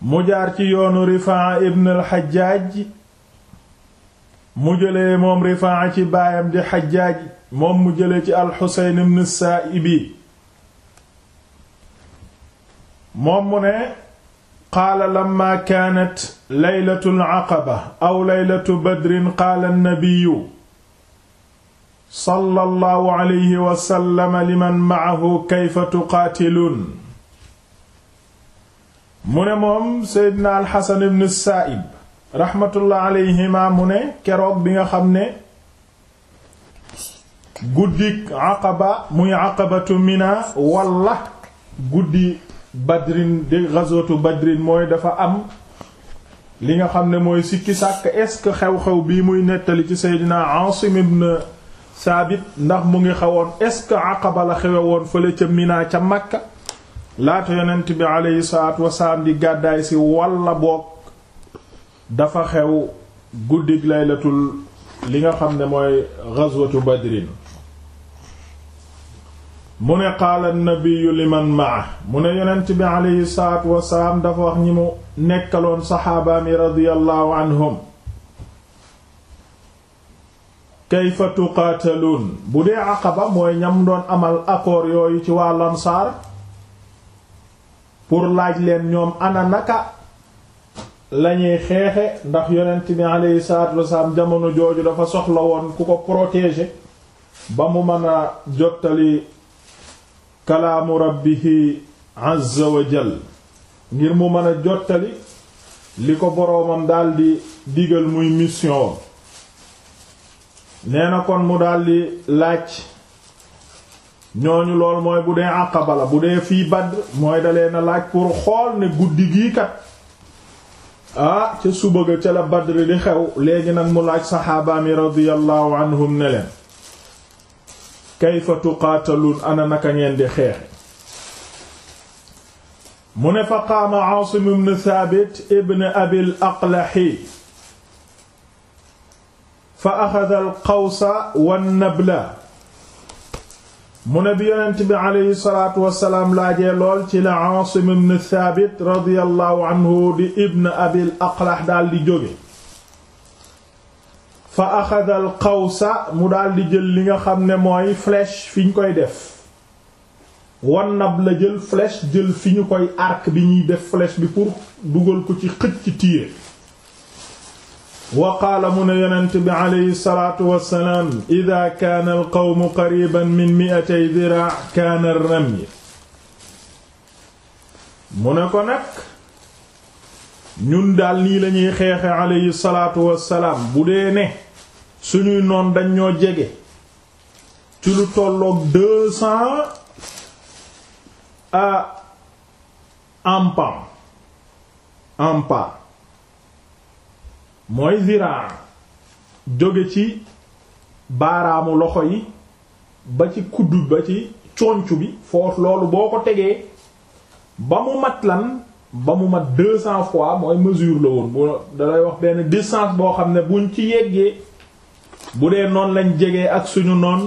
mu jaar ci yoonu rifaa ibn al-Hajjaaj mu jëlee moom rifaa ci baayam di Hajjaaj moom mu jëlee ci al-Husayn ibn Saa'ibi moom mu ne qaala lamma kaanat laylatu al-aqaba aw laylatu badrin qaala an-nabiyyu sallallahu alayhi wa sallam liman ma'ahu kayfa tuqaatiluun mu ne moom seydina alxasan ibn saaib raxmatullah alayhima mu ne keroog bi nga xam ne guddik aqaba muy aqabatu mina walla guddi badrin di ghazwatu badrin mooy dafa am li nga xam ne mooy sikki sàkk est-ce que xew-xew bii muy nettali ci seydina asim ibn saabit ndax mu ngi xewoon est-ce que aqaba la xewe woon fële ca mina ca makka laata yonent bi aleyhi salaatu wasalaam di gàddaay si walla boog dafa xew guddig laylatul li nga xam ne mooy ghazwatu badrin mu ne qaala nabiyu liman maa mu ne yonent bi aleyhi salaatu wasalaam dafa wax ñi mu nekkaloon saxaabaami radiyallahu anhum kayfa tuqaataluun bu dee aqaba mooy ñam doon amal accord yooyu ci waa lansaar pour laaj leen ñoom ana naka lañuy xeexe ndax yonent bi alayhi salaatu wasalaam jamono jooju dafa soxla woon ku ko protéger ba mu mën a jottali kalaamu rabbihi azza wa jal ngir mu mën a jottali li ko boroomam daldi digal muy mission nee na kon mu daldi laaj ñooñu lool mooy bu dee Aqaba la bu dee fii Badr mooy dalee na laaj pour xool ne guddi gii kat ah ca suba ga ca la Badr di xew léegi nag mu laaj saxaaba mi radiyallahu anhum ne leen kayfa tuqaataluun ana naka ngeen di xeexe mu ne fa qaama Aasim ibn Thaabit ibn Abil Aqlahi fa axada al qawsa wan nabla mu ne bi yonent bi aleyhi salaatu wasalaam laajee lool ci la Aasim ibn Thaabit radiyallahu anhu di ibn abil aqlax daal jóge fa axada al qawsa mu daal jël li nga xam ne mooy flèche fi ñu koy def wan la jël flèche jël fi ñu koy arc bi ñuy def flèche bi pour dugal ko ci xëcc tiire wa qaala mu ne yonent bi alayhi salaatu wassalaam ida kaana alqawmu qariban min mi'atay diraa kaana ramyi mu ne ko nag ñun daal nii lañuy xeexe alayhi salaatu salaam bu dee ne suñuy noon dañ ñoo jege ci lu tolloog a cents à mooy ziraa jóge ci baaraamu loxo yi ba ci kuddu ba ci conc bi foofu loolu boo ko tegee ba mu mat lan ba mu mat deux cents fois mooy mesure la woon dalay wax benn distance boo xam ne buñ ci yeggee bu dee noonu lañ jege ak suñu noon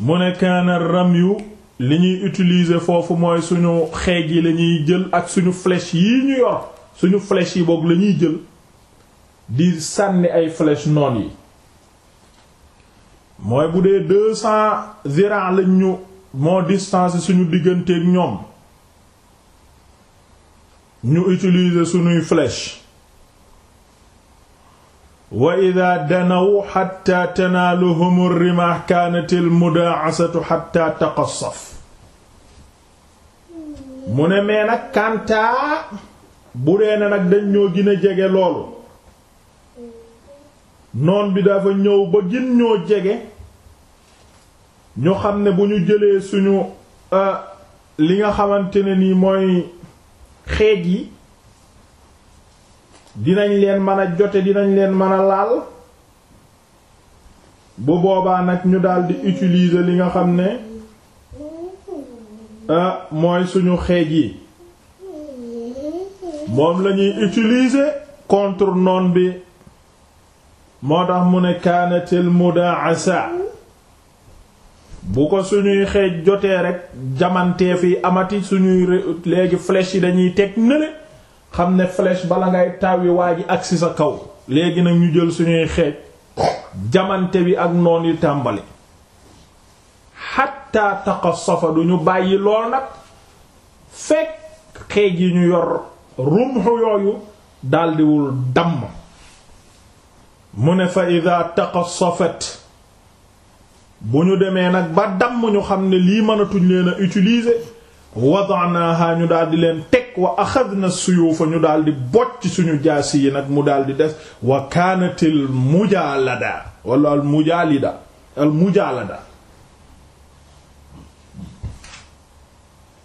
mu ne kaana ramyu li ñuy utiliser foofu mooy suñu xeeg yi lañuy jël ak suñu flèche yi ñu yor suñu flèche yi boog la ñuy jël di sànni ay flèche noon yi mooy bu dee deux cents zira moo distance suñu digganteeg ñoom ñu utilise suñuy flèche wa ida danaw xatta tanaaluhum rimaax kaanatil mudaasatu xatta taqassaf mu ne mee nag kantaa bu dee ne nag dañ ñoo gën a jege loolu noon bi dafa ñëw ba gën ñoo jege ñu xam ne bu ñu jëlee suñu euh, li nga xamante ne ni mooy xeej yi dinañ leen mën a jote dinañ leen mën a laal bu boobaa nag ñu daldi utilise li nga xam ne euh, mooy suñu xeej yi moom lañuy utiliser contre noon bi moo tax mu ne kaanatil mudaasa bu ko suñuy xeej jotee rekk jamantee fi amati suñuy léegi flèche yi dañuy teg nële xam ne flèche bala ngay tawi waa ji agsi sa kaw léegi nag ñu jël suñuy xeej jamante bi ak noon yi tàmbali xatta taqasafa duñu bàyyi lool nag fekk xeej yi ñu yor rumxu yooyu daldiwul dàmm mu ne fa ida taqassafat bu ñu demee nag ba dàmm ñu xam ne lii mënatuñ leen a utiliser wadanaha ñu daldi leen teg wa axadna suyuufa ñu daldi bocc suñu jaas yi nag mu daldi des wa kaanati mujaalada wala al mujaalida al mujaalada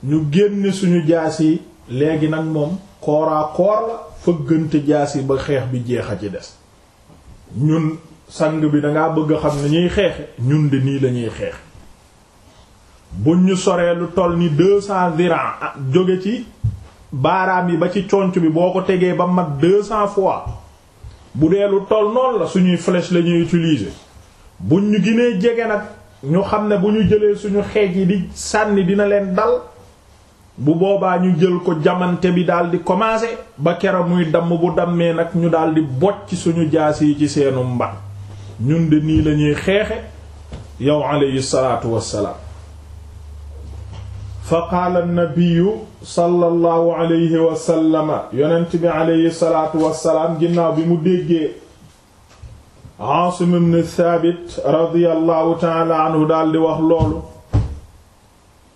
ñu génne suñu jaasi léegi nag moom kooraa koor la fëggante jaas yi ba xeex bi jeex a ci des ñun sang bi dangaa bëgg xam ne ñuy xeexe ñun de nii lañuy xeex buñ ñu soree lu toll ni deux cents dirham ah, jóge ci baaraam yi ba ci conc bi boo ko tegee ba mat deux cents fois bu dee lu toll noonu la suñuy flèche la ñuy utiliser buñ ñu ginee jege nag ñu xam ne bu ñu jëlee suñu xeej yi di sànni dina leen dal bu boobaa ñu jël ko jamante bi daldi commencer ba kera muy damm bu dammee nag ñu daldi bocc suñu jaas yi ci seenu mban ñun de nii lañuy xeexe yow alayhi salaatu wassalaam fa qaala nabiyu sallallahu alayhi wasallama yonent bi alayhi salaatu wassalaam bi mu déggee Aasim ibn Thaabit radiyallahu ta'ala anhu daldi wax loolu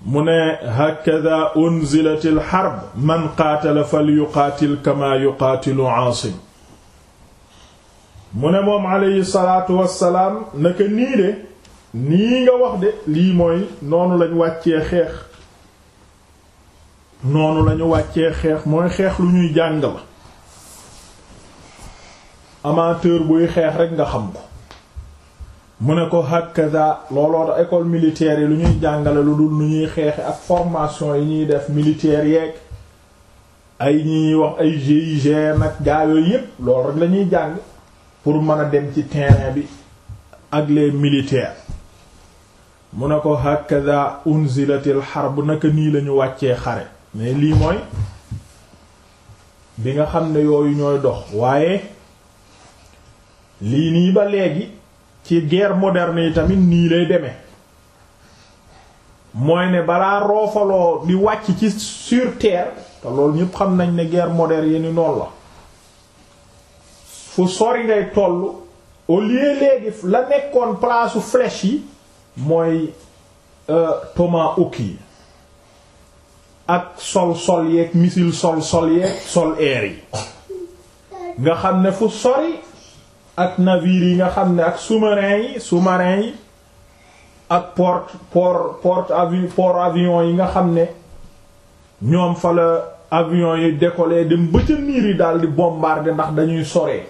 mu ne hakada unzilat al harb man qaatala falyuqaatil kama yuqaatilu aasim mu ne moom aleyhi salaatu wassalaam naka nii de nii nga wax de lii mooy noonu lañ wàccee xeex noonu lañu wàccee xeex mooy xeex lu ñuy jàng la amateur buy xeex rekk nga xam ko mu ne ko hakaza looloo tax école militaire yi lu ñuy jàngale lu dul nu ñuy xeexe ak formation yi ñuy def militaire yeeg ay ñuy wax ay GIGN nag gaa yooyu yépp loolu rek la jàng pour mën a dem ci terrain bi ak les militaires mu ne ko hakaza unzilatil bu naka nii lañu wàccee xare mais lii mooy bi nga xam ne yooyu ñooy dox waaye lii nii ba léegi ci guerre moderne yi tamit nii lay deme mooy ne balaa roofaloo di wàcc ci sur terre te ñépp xam nañ ne guerre moderne yi ni noonu la fu sori ngay toll au lieu léegi la nekkoon place flèche yi mooy euh, tomahawk yi ak sol sol yeeg missile sol sol yeeg sol air yi nga xam ne fu sori ak navire yi nga xam ne ak sous-marins yi sous yi ak porte port porte port avion yi nga xam ne ñoom fa la avion yi décoller dem ba niir yi daal di bombarder ndax dañuy soree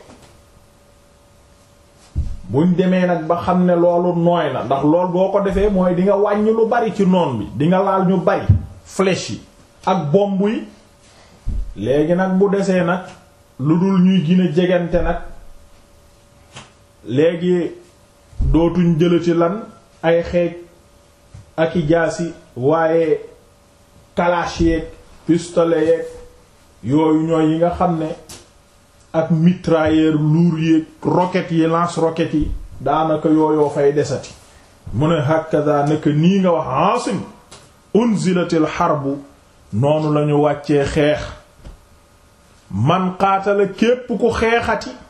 buñ demee nag ba xam ne loolu nooy na ndax lool boo ko defee mooy di nga wàññi lu bari ci noon bi di nga laal ñu bari flèche yi ak bomb yi léegi nag bu desee nag lu dul ñuy gën a jegante nag léegi dootuñ jëlati lan ay xeej ak i jaasi waaye kalaas yeeg pistolet yeeg yooyu ñooy yi nga xam ne ak mitrailleur lourd yeeg roquettes yi lance roquettes yi daanaka yooyoo fay desati mu ne hakaza naka nii nga wax aasim unzilatil xarbu noonu lañu wàccee xeex man qaatala képp ku xeexati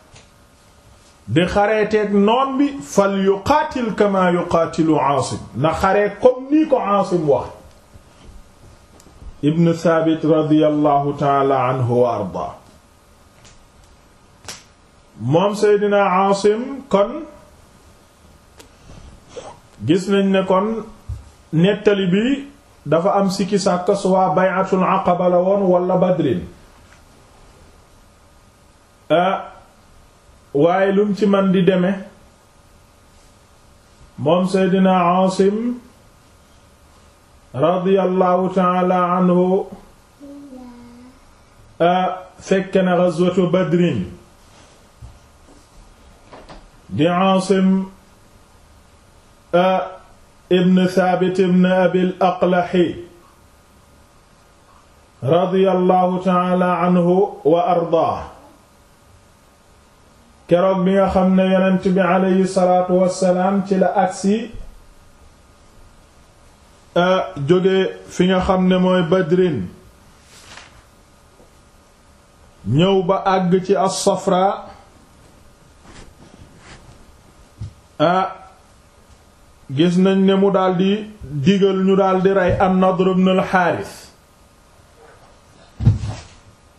di xareeteeg noon bi fal yuqaatil kama yuqaatilu Aasim na xaree comme nii ko Aasim wax ibn Thabit radiyallahu taala anhu wa moom Seydina Aasim kon gis nañ ne kon nettali bi dafa am sikki sàkk su waa bay'atul wala badrin euh, waaye lum ci man di deme moom seydina Aasim radiyallahu taala anhu fekk na ghazwatu badrin di Aasim ibn Thabit ibn Abil Aqlahi radiyallahu taala anhu wa ardaa keroog bi nga xam ne yonent bi aleyhi salaatu wassalaam ci la agsi jóge fi nga xam ne mooy badrin ñëw ba àgg ci as a gis nañ ne mu daldi digal ñu daldi rey an-Nadr ibn al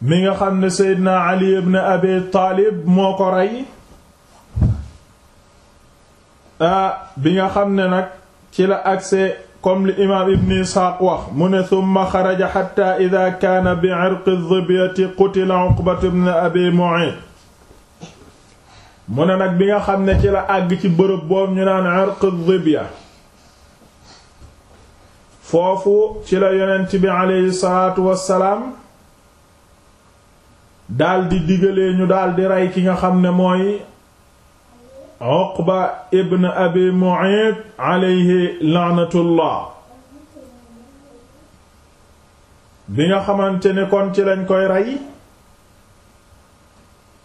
mi nga xam ne Seydina Ali ibn Abi Taalib moo ko rey ah bi nga xam ne nag ci la agsee kom li imaam Ibn Isxaaq wax mu ne summa xaraja xatta ida kaana bi irqi dibiyati qutila Uqbatu ibn Abi Mu'ayt mu ne nag bi nga xam ne ci la àgg ci bërëb boobu ñu naan irqi dibiya foofu ci la yonent bi aleyhi salaatu wassalaam daldi digalee ñu daldi rey ki nga xam ne mooy Uqba ibn Abi Mu'ayt alayhi bi nga xamante ne kon ci lañ koy rey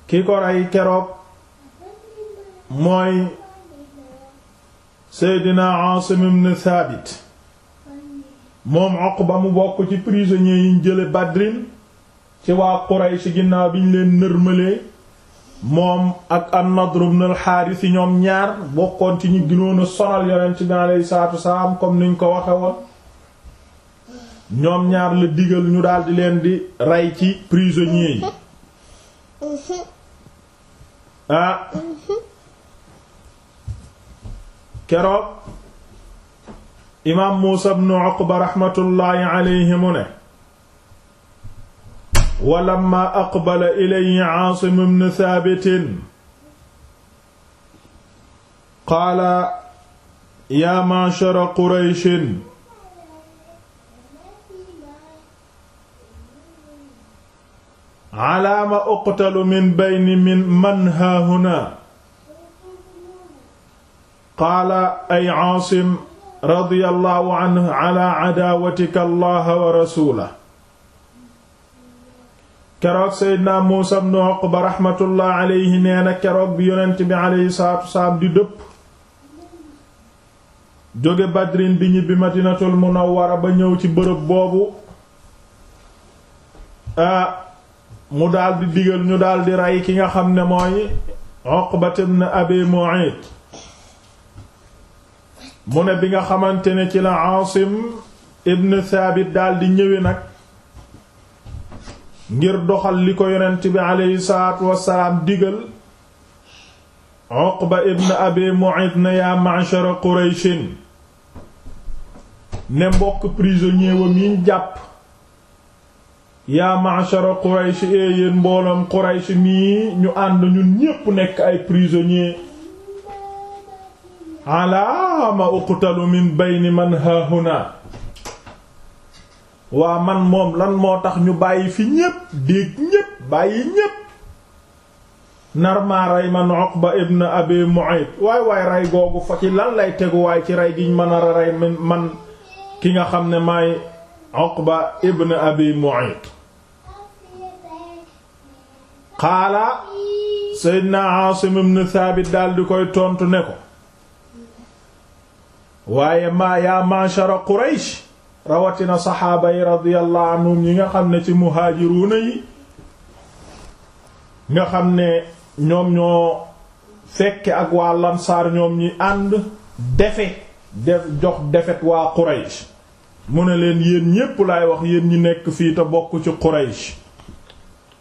ki ko rey keroog mooy Seydina Asim moom mu bokk ci prisonniers yiñ jële Badrin ci waa ci ginnaaw bi ñu leen nërmalee moom ak an-Nadr ibn ñoom ñaar bokkoon ci ñi gënoon a sonal yonent bi alayhi salaatu wasalaam comme niñ ko waxe woon ñoom ñaar la digal ñu daldi leen di ray ci prisonniers yi ah keroog imaam Muusa ibn Uqba rahmatullahi alayhi mu ne wa lamma aqbala ilayhi Aasim ibn Thaabit qaala yaa ma'shara Qurayshin alaa ma uqtalu min bayni min man haahunaa qaala ay Aasim radiyallaahu anhu alaa cadaawatika Allaaha wa rasuulahu keroog seydina muusa ibn uqba raxmatullah alayhi nee na keroog bi yonent bi alayhi salaatu wasalaam di dëpp jóge badrin di ñibbi madinatul munawwara ba ñëw ci bërëb boobu mu daldi digal ñu daldi rey ki nga xam ne mooy uqba ibn abi mu'ayt mu ne bi nga xamante ne ci la aasim ibn thabit daldi ñëwee nag ngir doxal li ko yonent bi aleyhi salaatu wasalaam ibn Abi Mu'ayt na yaa ma'shara Qurayshin ne mbokk prisonnier wam yiñ jàpp yaa ma'shara Quraysh ee eh, yéen mbooloom Quraysh ñu ànd ñun ñépp nekk ay prisonnier alaama uqtalu min bayni man haahuna waa man moom lan moo tax ñu bàyyi fi ñépp déeg ñépp bàyyi ñépp nar maa rey man Uqba ibn Abi Mu'ayt waay waay rey googu fa ci lan lay tegu waay ci ray giñ mën a rey man ki nga xam ne maay Uqba ibn Abi Mu'ayt xaala Seydina na ibn Thabit daal di koy tontu ne ko waaye maa yaa ma'shara Quraysh rawatina saxaaba yi radiyallahu anhum yi nga xam ne ci muhaajiruuna yi nga xam ne ñoom ñoo fekke ak waa lamsaar ñoom ñi ànd defe def jox defet waa Quraysh mu ne leen yéen ñépp laay wax yéen ñi nekk fii te bokk ci Quraysh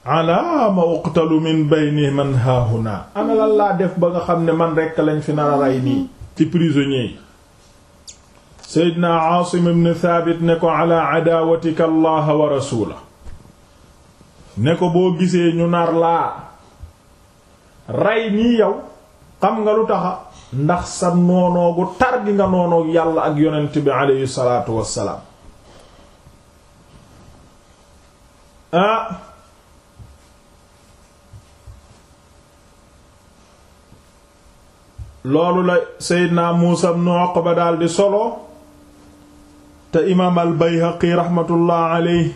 ala ma uqtalu min bayni man haahuna naa lan laa def ba nga xam ne man rekk lañ fi nar a nii ci prisonniers seydna aasim ibn thaabit ne ko ala adaawatika allaha wa rasuula ne ko boo gisee ñu nar laa rey nii yow xam nga lu taxa ndax sa noonoogu tar gi nga noonoog yàlla ak yonent bi aleyhi salaatu wassalaam ah loolu la seydna muusa ibn uqba daldi solo te imaam al bayhaqi raxmatullah aley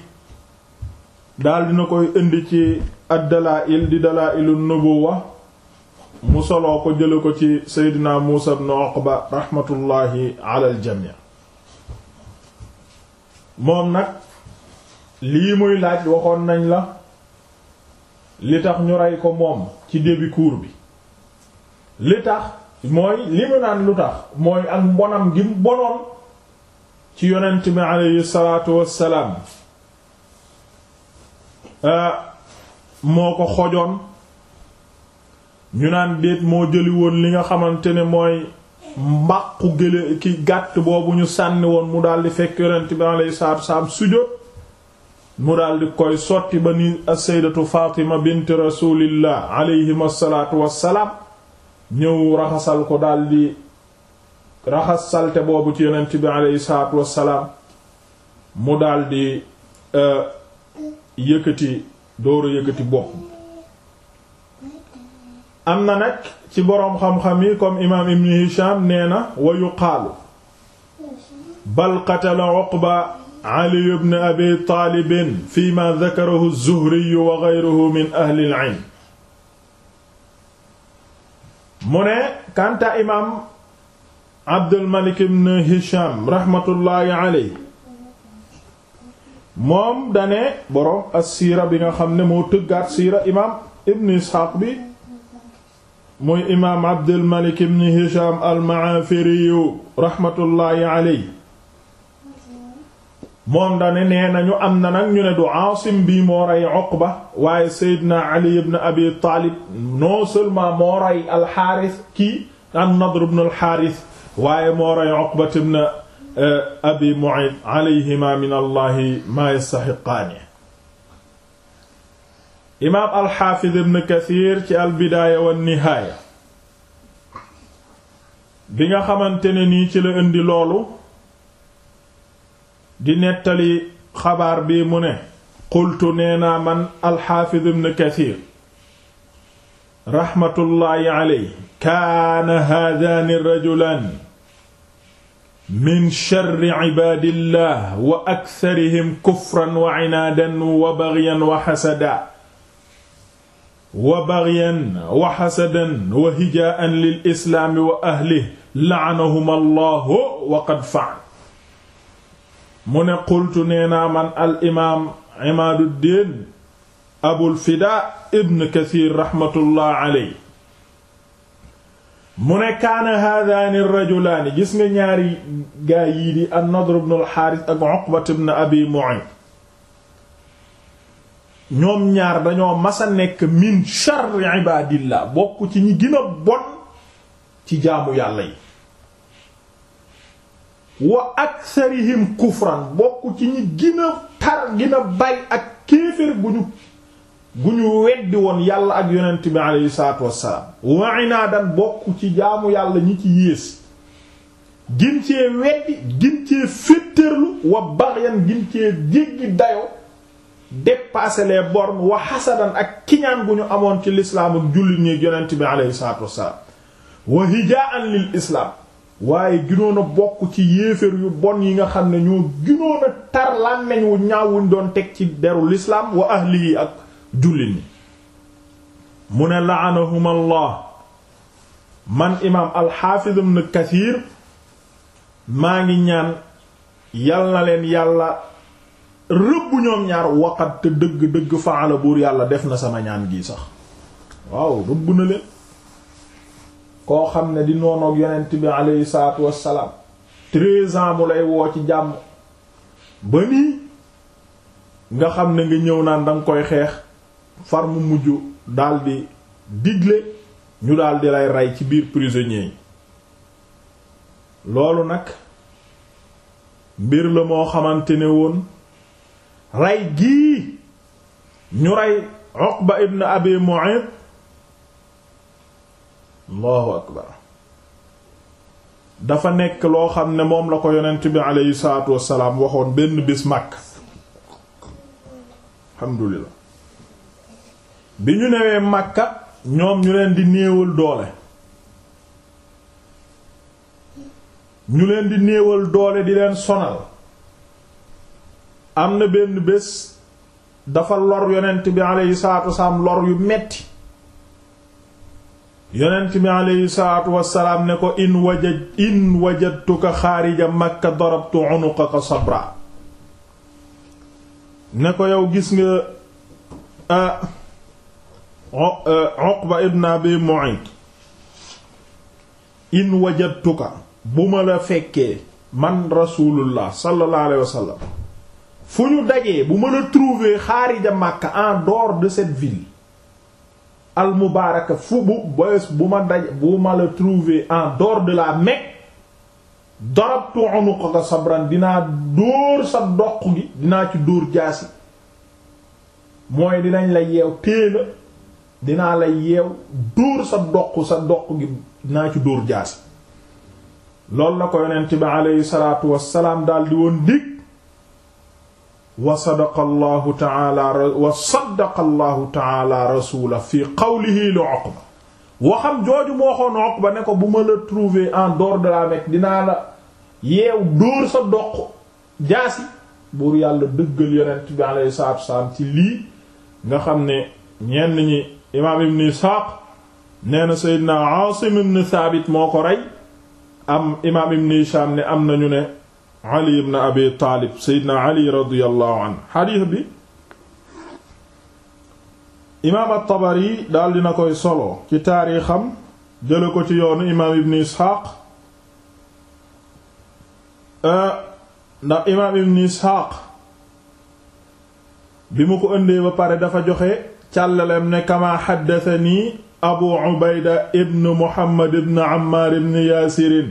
koy indi ci addalaa'il di dalaa'ilu nubuwa mu soloo ko jële ko ci seydina muusa ibn uqba raxmatullaahi alal jamii moom nag lii muy laaj waxoon nañ la li tax ñu rey ko moom ci début kuur bi li tax mooy li mu naan lu tax mooy ak mbonam gi mu ci yonent bi aleyhi salaatu wassalaam moo ko xojoon ñu naan déet moo jëli woon li nga xamante ne mooy mbàqu gële ki gàtt boobu ñu sànni woon mu daldi fekk yonent bi aleyhi salaatu wassalaam sujjóot mu daldi koy sotti ba ni as-sayyidatu Fatima bint rasulillah aleyhim asalaatu salaam ñëw raxasal ko daldi raxas salte boobu ci yonent bi aleyhi salaatu wassalaam mu daldi euh, yëkkati dooru yëkkati bopp am na nag ci boroom xam-xam yi comme imaam ibn hisham nee na wa yuqaalu bal qatala uqba ali ibn abi taalibin fi ma dakarahu zuhri wa geyruhu min ahli al ilm mu ne kanta imaam Abdulmalik ibn Hisham moom dane nga xam ne moo tëggaat siira imaam ibn Isxaaq bi muy imaam Abdulmalik ibn nee nañu am na nag ñu ne du Aasim bi moo waaye Seydina Ali ibn Abi Taalib non seulement moo rey kii an-Nadr ibn al waaye moo rey Uqbat ibn eh, Abi Mu'ayt alayhima min allahi ma yastaxiqaani imaam alxaafiz ibn Kasiir ci albidaaya wa nihaaya bi nga xamante ne nii ci la indi loolu di nettali xabaar bi mu ne qultu nee naa man alxaafiz ibn Kasiir raxmatullaahi alayhi haadaani rajulaan min sharri ibaadillah wa aktharihim kufran wa cinaadan wa baghyan wa xasada wa baghyan wa xasadan wa hijaa'an lil islaami wa ahlihi la'anahum allahu wa qad fa'al mu ne qultu nee naa man al imaam Imaaduddin Abul Fidaa ibn Kasiir raxmatullahi alayhi mu ne kaana haadaani rajulaani gis nga ñaari gaa yii di an-Nadr ibn al-Haaris ak Uqbat ibn Abi Mu'ayt ñoom ñaar dañoo masa nekk min sharri ibaadillah bokk ci ñi gën a bon ci jaamu yàlla yi wa aktharihim kufran bokk ci ñi gën a tar gën ak kéefër bu ñu gu ñu weddi woon yàlla ak yonent bi aleyhi salaatu wassalaam wa inaadan bokk ci jaamu yàlla ñi ci yées gin cee weddi gin cee féttërlu wa baghyan gin jéggi dayo dépasser les bornes wa hasadan ak kiñaan gu ñu amoon ci lislaam ak jullit ñi yonent bi aleyhi salaatu wassalaam wa hijaa'an lil islaam waaye ginoon bokk ci yéeféer yu bon yi nga xam ne ñoo ginoon a tar làmmeñ wu ñaawuñ doon teg ci deru lislaam wa ahli yi ak jullit ñi mu ne la'anahum allah man imaam alxaafiz ibn kathir maa ngi ñaan yal na leen yàlla rëbb ñoom ñaar waqat te dëgg dëgg faala buur yàlla def na sama ñaan gi sax waaw rëbb na leen koo xam ne di noonoog yonent bi aleyhi salaatu wassalaam treize mu lay woo ci jàmm ba nii nga xam ne nga ñëw naan danga koy xeex far mu mujj daldi digle ñu daldi lay rey ci biir prisonnier yi loolu nag mbir la moo xamante ne woon rey gii ñu rey Uqba ibn Abi Mu'ayt Allahu akbar dafa nekk loo xam ne moom la ko yonent bi aleyhi salaatu wassalaam waxoon benn bis màkk bi ñu newee Makka ñoom ñu leen di néewal doole ñu leen di néewal doole di leen sonal am na benn bés dafa lor yonent bi aleyhi salaatu wasalaam lor yu metti yonent bi aleyhi salaatu wasalaam ne ko in wajad in wajadtuka xaarija makka darabtu unuqaka sabra ne ko yow gis nga ah, E, Uqba ibn Abi Mu'ayt in wajadtuka bu ma la fekkee man rasulullah sallallahu alayhi fu ñu dajee bu ma la trouver xaarija Makka en dehors de cette ville al mubaaraka fu bu bés bu ma daj bu ma la trouver en dehors de la Mecque darabtu unuqaka sabran dinaa dóor sa doq gi dinaa ci dóor jaasi mooy dinañ la yeew téela dinaa la yeew dóor sa doq sa doq gi naa ci dóor jaasi loolu la ko yonent bi aleyhi salaatu wassalaam daldi woon dig wa sadaqa allahu taala wa sadaqa allahu taala rasula fi qawlihi li Uqba waxam jooju moo xoon Uqba ne ko bu ma la trouver en dehors dinaa la yeew dóor sa doq jaasi buur yàlla dëggal yonent bi aleyhi salaatu wassalaam ci lii nga xam ne ñenn ñi imaam ibn Isxaaq nee na seydna Aasim ibn Saabit moo ko rey am imaam ibn Hishaam ne am nañu ne Ali ibn Abi Taalib Seydina Ali radiyallahu anhu xadiis bi imaam at-Tabari daal na koy solo ci xam jële ko ci yoonu imaam ibn Isxaaq eh, ndax imaam ibn Isxaaq bi mu ko ëndee ba pare dafa joxe càllalem ne kama xaddatani abu ubayda ibn muhammad ibn ammaar ibn yaasirin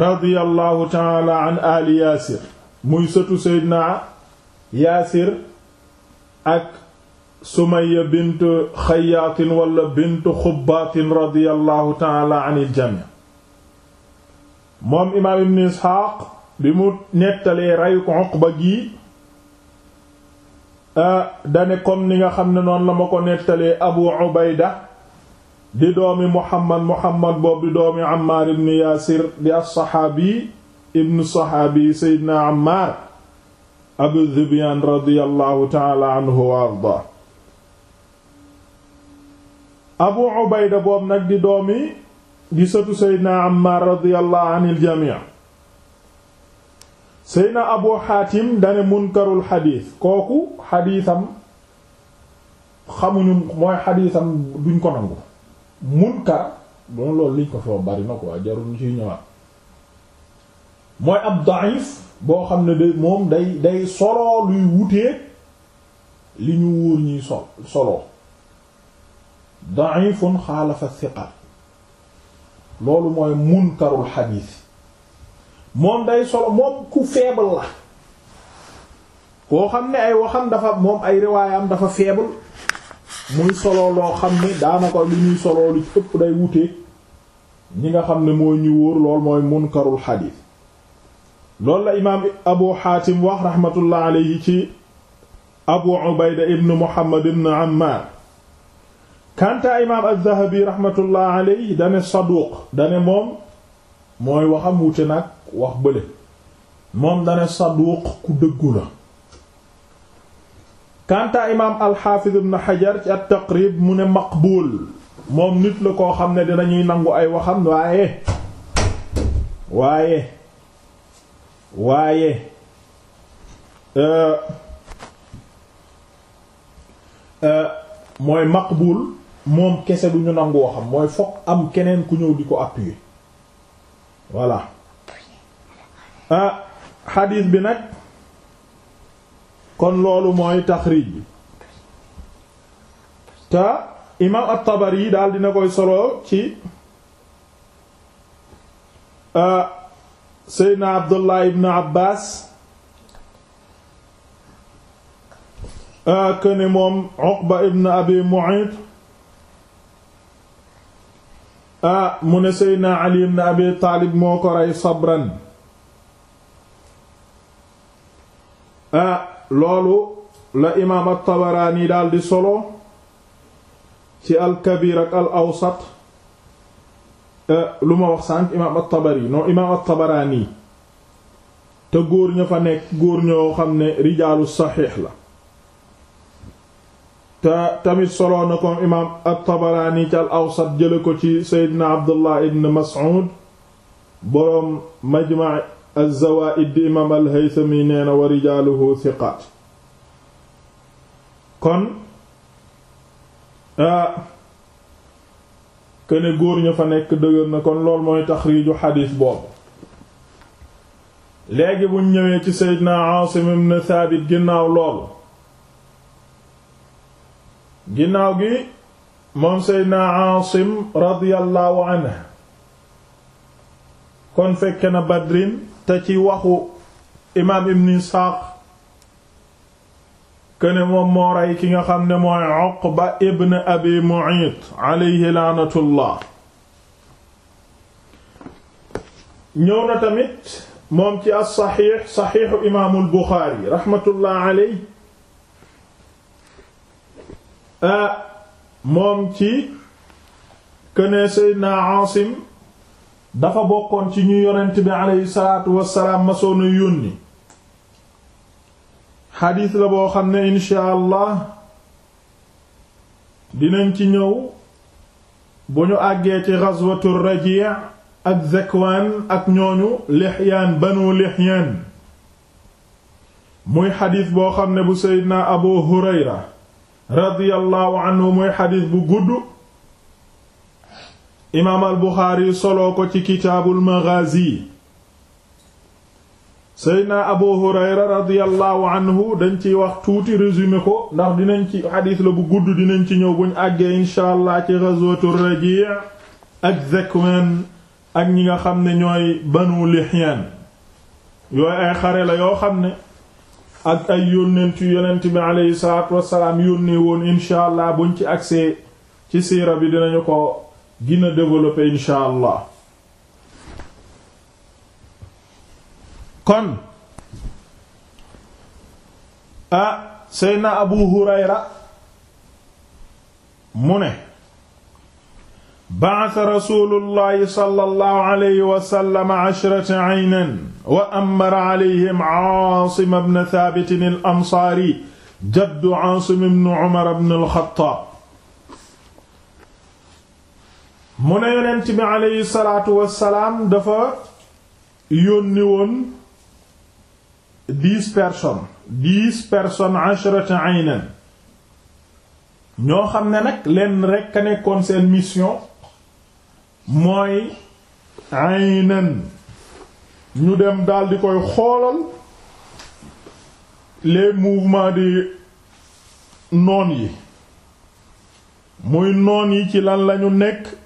radiyallahu taala an yaasir muy sëtu seydna yaasir ak sumaya bint xayaatin wala bint xubbaatin radiyallahu taala an il jami moom imaam ibn isxaaq bi mu nettalee reyu ko Uqba Ah, dane comme ni nga xam ne noonu la ma ko nettalee abu ubayda di doomi muhammad muhammad boobu di doomi ammaar ibnu yaasir di as-saxaabi ibnu saxaabi seydina ammaar abu zubyaan radiyallahu taala anhu wa ardaa Seyna Abu Hatim dane munkarul xadiis kooku xadiisam xamuñu mooy xadiisam duñ ko nangu munkar bon loolu liñ ko foo bari na quoi jarul ñu ciy mooy ab da'if boo xam ne day moom day day solo luy wutee li ñu wóor ñuy sol soloo da'ifun xaalafa siqa loolu mooy munkarul xadiis moom day solo moom ku faible koo xam ne ay waxam dafa moom ay riwaayam dafa faible muy solo xam ne daanaka li ñuy solo lu ëpp day wuteeg ñi nga xam ne mooy ñu wóor lool mooy munkarul xadiis loolu la imaam abu xaatim wax raxmatullah alayhi ci abu ubayda ibn muhammad ibn ammaar kanta imaam az-zahabi da alayhi dane saduq dane moom mooy waxam wute nag wax bële moom dane saduq ku dëggu la kanta imaam alxaafiz ibn xajar ci at-taqrib mu ne maqbul moom nit la koo xam ne dina ñuy nangu ay waxam waaye waaye waaye euh, euh, mooy maqbul moom kese du ñu nangu waxam mooy fokk am keneen ku ñëw di ko appuyer voilà ah bi nag kon loolu mooy taxriij bi te imaam at-Tabari daal dina koy solo ci ah, Seydina Abdullah ibn Abbas ah, këne moom Uqba ibn Abi Mu'ayt ah, mu ne Ali ibn Abi Taalib moo ko rey sabran Ah, loolu la imaam at-Tabaraani daal solo ci al-Kabir al-Awsat eh, lu ma wax sànq imaam at-Tabari non imaam at-Tabaraani te góor ña fa nekk góor ñoo xam ne rijaalu saxiix la te tamit solo na ko imaam at-Tabaraani ci al-Awsat jële ko ci Seydina Abdullah ibn Mas'ud boroom Majma' az-Zawaa'id di nee na wa rijaaluhu thiqaat kon ah, këne góor ñu fa nekk dëgër na kon lool mooy taxriiju xadiis boobu léegi buñ ñëwee ci Seydina Aasim ibn Thaabit ginnaaw loolu ginnaaw gi moom Seydina Aasim radiyallahu anhu kon fekke na Badrin te ci waxu imaam ibn Isxaaq këne moom moo rey ki nga xam ne mooy Uqba ibn Abi Mu'ayt moom ci as-Saxiix saxiixu imaamul Buxaari raxmatullah alayhi ah, moom ci këne Seydina Aasim dafa bokkoon ci ñu yonent bi aleyhi salaatu wassalaam masoona yónni xadiis la boo xam ne inshaa allah dinañ ci ñëw bu ñu àggee ci ghazwatu raji' ak zakwaan ak ñooñu lixyaan banu lixyaan muy xadiis boo xam ne bu seydina abu hurayra radiyallahu anhu muy xadiis bu gudd imaam al buxaari soloo ko ci kitaabul maghazi seydna abu hurayra radiyallahu anhu dañ ciy wax tuuti résumé ko ndax dinañ ci xadiis la bu gudd dinañ ci ñëw buñ àggee incha allah ci ghazwatur raji' ak ak ñi nga xam ne ñooy banu lihyan yooyu ay xare la yoo xam ne ak ay yónnent yu yonent bi aleyhi salaatu wassalaam yónnee woon incha allah buñ ci agsee ci siira bi dinañu ko gina développé incha allah kon ah Seydina Abu Hurayra mu ne ba'atha rasulullahi sallallahu alayhi wa sallam ashrata aynan wa amara alayhim Aasim ibn Thaabit al-Ansaari jaddu Aasim ibn Umar ibn al-Khattaab mu ne yonent bi aleyhi salaatu wassalaam dafa yónniwoon woon dix personnes dix ñoo xam ne nag leen rekk a nekkoon seen mission mooy aynan ñu dem daldi koy xoolal les mouvements di noon yi muy noon yi ci lan lañu nekk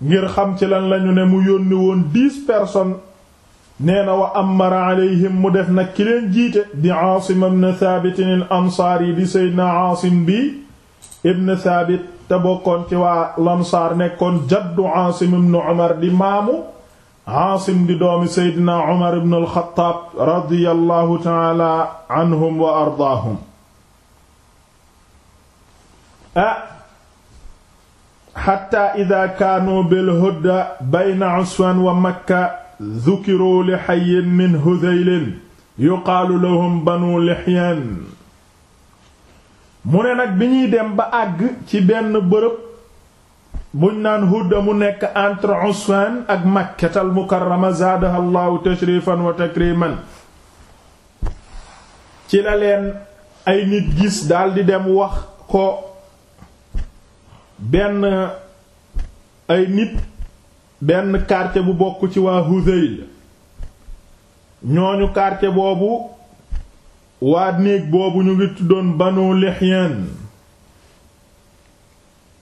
ngir xam ci lan lañu ne mu yónni woon dix personnes nee na wa amara alayhim mu def nag ki leen jiite di Aasim ibn Thabit al Ansaari di Seydina Aasim bi ibn Thabit te bokkoon ci waa Lansaar nekkoon jaddu Aasim ibn Umar di maamu Aasim di doomi Seydina Umar ibn al-Khattab radiyallahu ta'ala anhum wa ardaahum ah xatta ida kaanu bil hudda bayna usfan wa makka zukiru li xayin min hudhaylin yuqaalu lahum banu lihyan mu ne nag bi dem ba àgg ci benn bërëb buñ naan hudda mu nekk entre usfan ak makkatal mukarrama zaadaha allahu tashrifan wa takriman ci la leen ay nit gis daldi dem wax ko benn ay nit benn quartier bu bokk ci waa Huzayl ñooñu quartier boobu waa néeg boobu ñu ngi tuddoon Banu Lihyan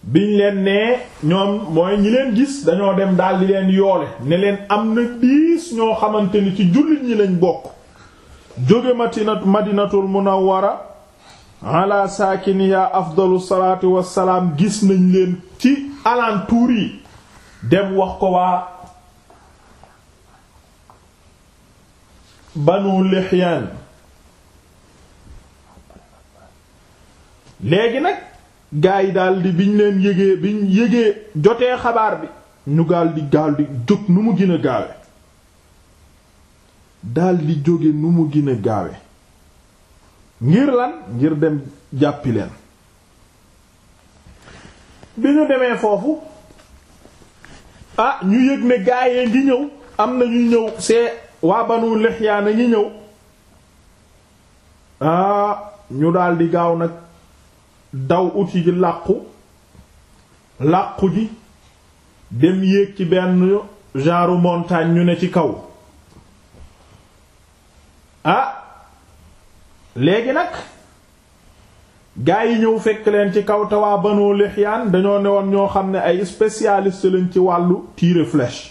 biñ leen nee ñoom mooy ñi leen gis dañoo dem daldi leen yoole ne leen am na diis ñoo xamante ni ci jullit ñi lañ bokk jóge matinat madinatul munawwara ala saakiniya afdalu salaatu wassalaam gis nañ leen ci alentour yi dem wax ko waa banu lixyaan léegi nag gaa yi daldi biñ leen yëgee biñ yége jotee xabaar bi ñu daldi daldi jóg nu mu gën gaawe daldi jóge nu mu gën a gaawe ngir lan ngir dem jàppi leen bi ñu demee foofu ah ñu yëg ne gaayee ngi ñëw am na ñu ñëw see waa banu lexyaana ngi ñëw ah, ñu daldi gaaw nag daw uti ji làqu làqu ji dem yéeg ci benn genre montagne ñu ne ci kaw ah, léegi nag gaa yi ñëw fekk leen ci kaw te waa Banu Lihyaan dañoo ne woon ñoo xam ne ay specialist lañ ci wàllu tirer flèche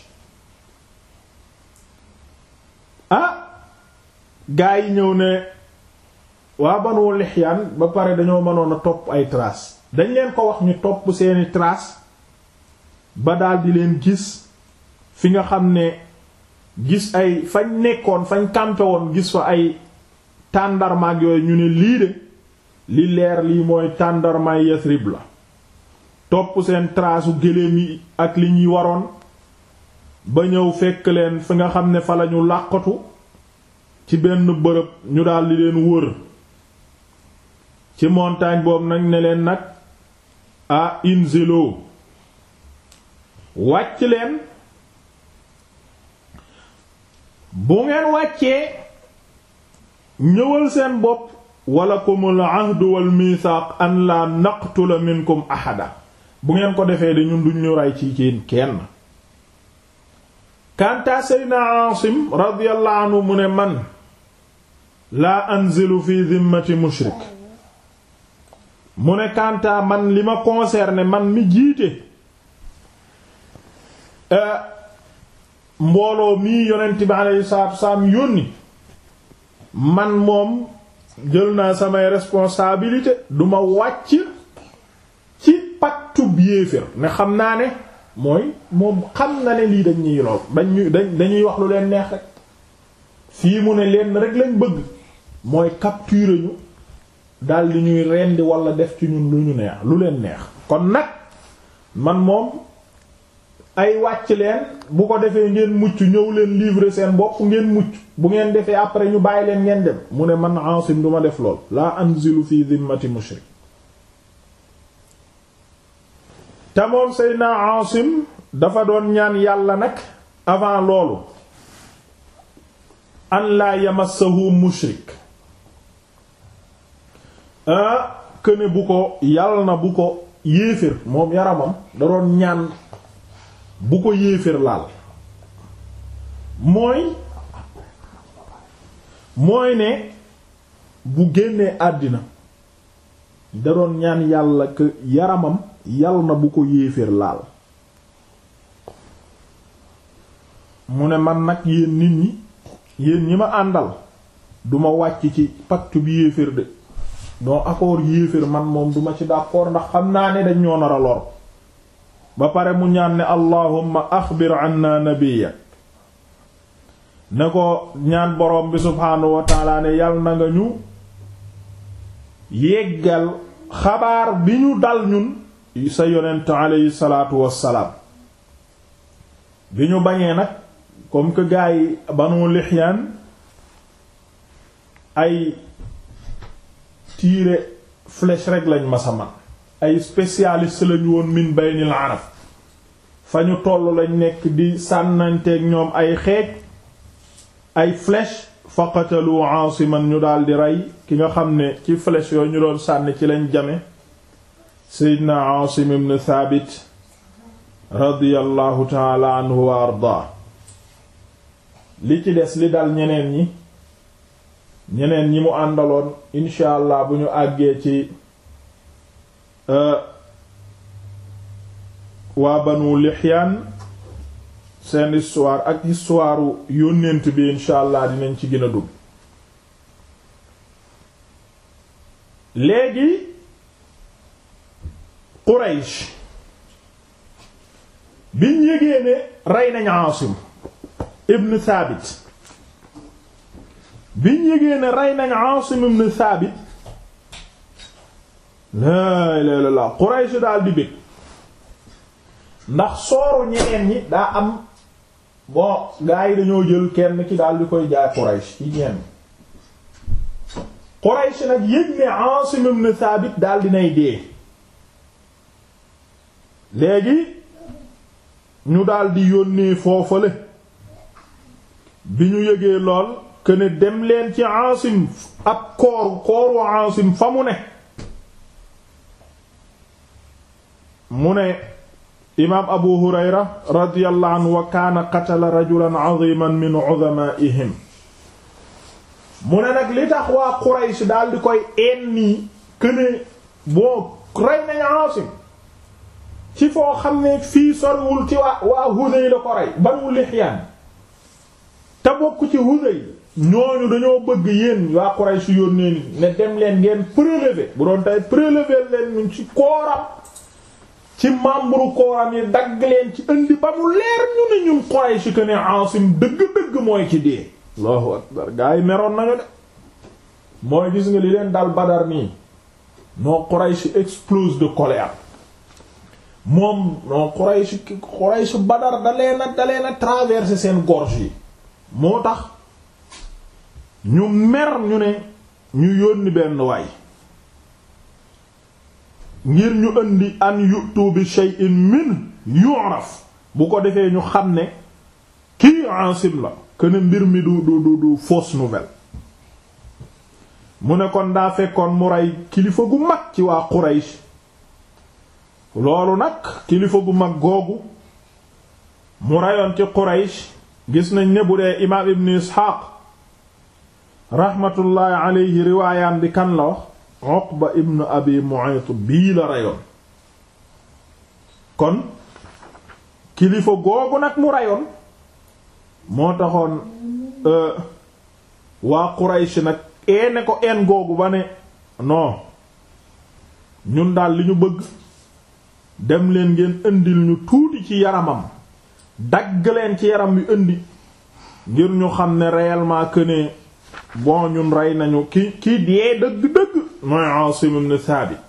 ah gaa yi ñëw ne waa Banu Lihyaan ba pare dañoo mënoon a topp ay traces dañ leen ko wax ñu topp seeni traces ba daal leen gis fi nga xam ne gis ay fañ nekkoon fañ campé woon gis fa ay tàndarmaak yooyu ñu ne lii de li leer lii mooy tàndarmaay Yasrib la topp seen traasu géléem yi ak li ñuy waroon ba ñëw fekk leen fi nga xam ne fa lañu làqatu ci benn bërëb ñu daldi leen wër ci montagne boobu nag ne leen nag a inzilo wàcc leen bu ngeen wàccee ñëwal seen bopp walakumul ahdu wal mithaq an la naqtula minkum ahada bu ngeen ko defee de ñun duñ ci ciin kenn kanta na asim radiyallahu mu ne man laa anzilu fi zimmati mushrik mu ne kanta man li ma concerné man mi jiite eh, mbooloo mii yonent bi aleyhi salatu wasalaam yónni man moom jël naa samay responsabilité duma wàcc ci pactu yéefér ne xam naa ne mooy moom xam na ne lii dañ ñuy lool dañ dañuy wax lu leen neex rek fii mu ne leen rek lañ bëgg mooy capturer ñu daal di ñuy rendi wala def ci ñun lu ñu neex lu leen neex kon nag man moom ay wàcc leen bu ko defee ngeen mucc ñëw leen livrer seen bopp ngeen mucc bu ngeen defee après ñu bàyyi leen ngeen dem mu ne man Asim du ma def lool laa anzilu fi zimmati mushrik te moom Seydina Asim dafa doon ñaan yàlla nag avant loolu an laa yamassahu mushrik ah këne bu ko yàlla na bu ko yéefér moom yaramam da doon ñaan bu ko yéeféer laal mooy mooy ne bu génnee àddina da doon ñaan yàlla que yaramam yal na bu ko yéeféer laal mu ne man nag yéen nit ñi yéen ñi ma àndal duma wàcc ci pacte bi yéeféer de donc accord yéeféer man moom duma ci d'accord ndax xam naa ne dañ ñoo nar a lor ba pare mu ñaan ne allahumma axbir anna nabiyak ne ko ñaan borom bi subhaanahu wa ne yal na nga ñu yéggal xabaar bi ñu dal ñun sa yonent aleyhi salaatu wassalaam bi ñu bañee nag comme que gaa yi banu lixyaan ay tiire flèche rek lañ masa man ay spécialiste lañu woon min baynil arab fa ñu toll lañ nekk di sànnanteeg ñoom ay xeej ay flèche faqatalu aasiman ñu daldi rey ki nga xam ne ci flèche yooyu ñu doon sànni ci lañ jame seydna aasim ibn thabit radiyallahu taala anhu ardaa li ci des li dal ñeneen ñi ñeneen ñi mu àndaloon incha bu ñu àggee ci Euh, waa banu lixyaan seen histoire ak histoire yónnent bi incha allah dinañ ci gën a dugg léegi Quraysh biñ yégee ne rey nañ Aasim ibn Thabit biñ yégee ne rey nañ Aasim ibn Thabit laa ilaaha illallaah Quraysh di bég ndax sooru ñeneen ñi daa am bon gaa yi dañoo jël kenn ki daal di koy jaay Quraysh ci ñenn Quraysh nag yëg ne Aasim ibn Thabit daal dinay dee léegi ñu daal di yónnee foofale bi ñu yëgee lool que ne dem leen ci Aasim ab kooru kooru Aasim fa mu ne mu ne imaam abu hurayra radiyallahu wa kaana qatala rajulan aziman min uzamaa'ihim mu ne nag li tax waa quraysh daal di koy een nii këne boo rey nañu aasim ci foo xam ne fii sorwul ci waa waa hudey la ko rey banu lihyaan te bokk ci hudey ñooñu dañoo bëgg yéen waa quraysh yónnee ni ne dem leen ngeen bu doon tey prélever leen ñu ci kooram ci membre kooram yi dagg leen ci indi ba mu leer ñu ne ñun Quraysh que ne Asim dëgg-dëgg mooy ci dee Allahu meroon nañu de mooy gis nga li leen dal Badar nii noo Quraysh explose moom noo Quraysh Quraysh Badar da leen a da seen gorge yi moo tax ñu mer ñu ne ñu yónni benn waay ngir ñu indi an yu'tu bi shay'in min yu'raf bu ko defee ñu xam ne kii Asim la kuene mbir mi du du du du fausse mu ne kon daa fekkoon mu rey kilifa gu mag ci waa Quraysh loolu nag kilifa gu mag googu mu reyoon ci Quraysh gis nañ ne bu dee imaam Ibn Isxaaq rahmatullahi alayhi riwaayam bi kan Uqba ibn Abi Mu'ayt bii la reyoon kon kilifa googu nag mu reyoon moo taxoon euh, waa Quraysh nag eene ko een googu ba ne non ñun daal li ñu bëgg dem leen ngeen indil ñu tuuti ci yaramam dagg leen ci yaram yu indi ngir ñu xam ne réellement que ne bon ñun rey nañu ki ki dee dëgg-dëgg mooy Aasim ibn Thabit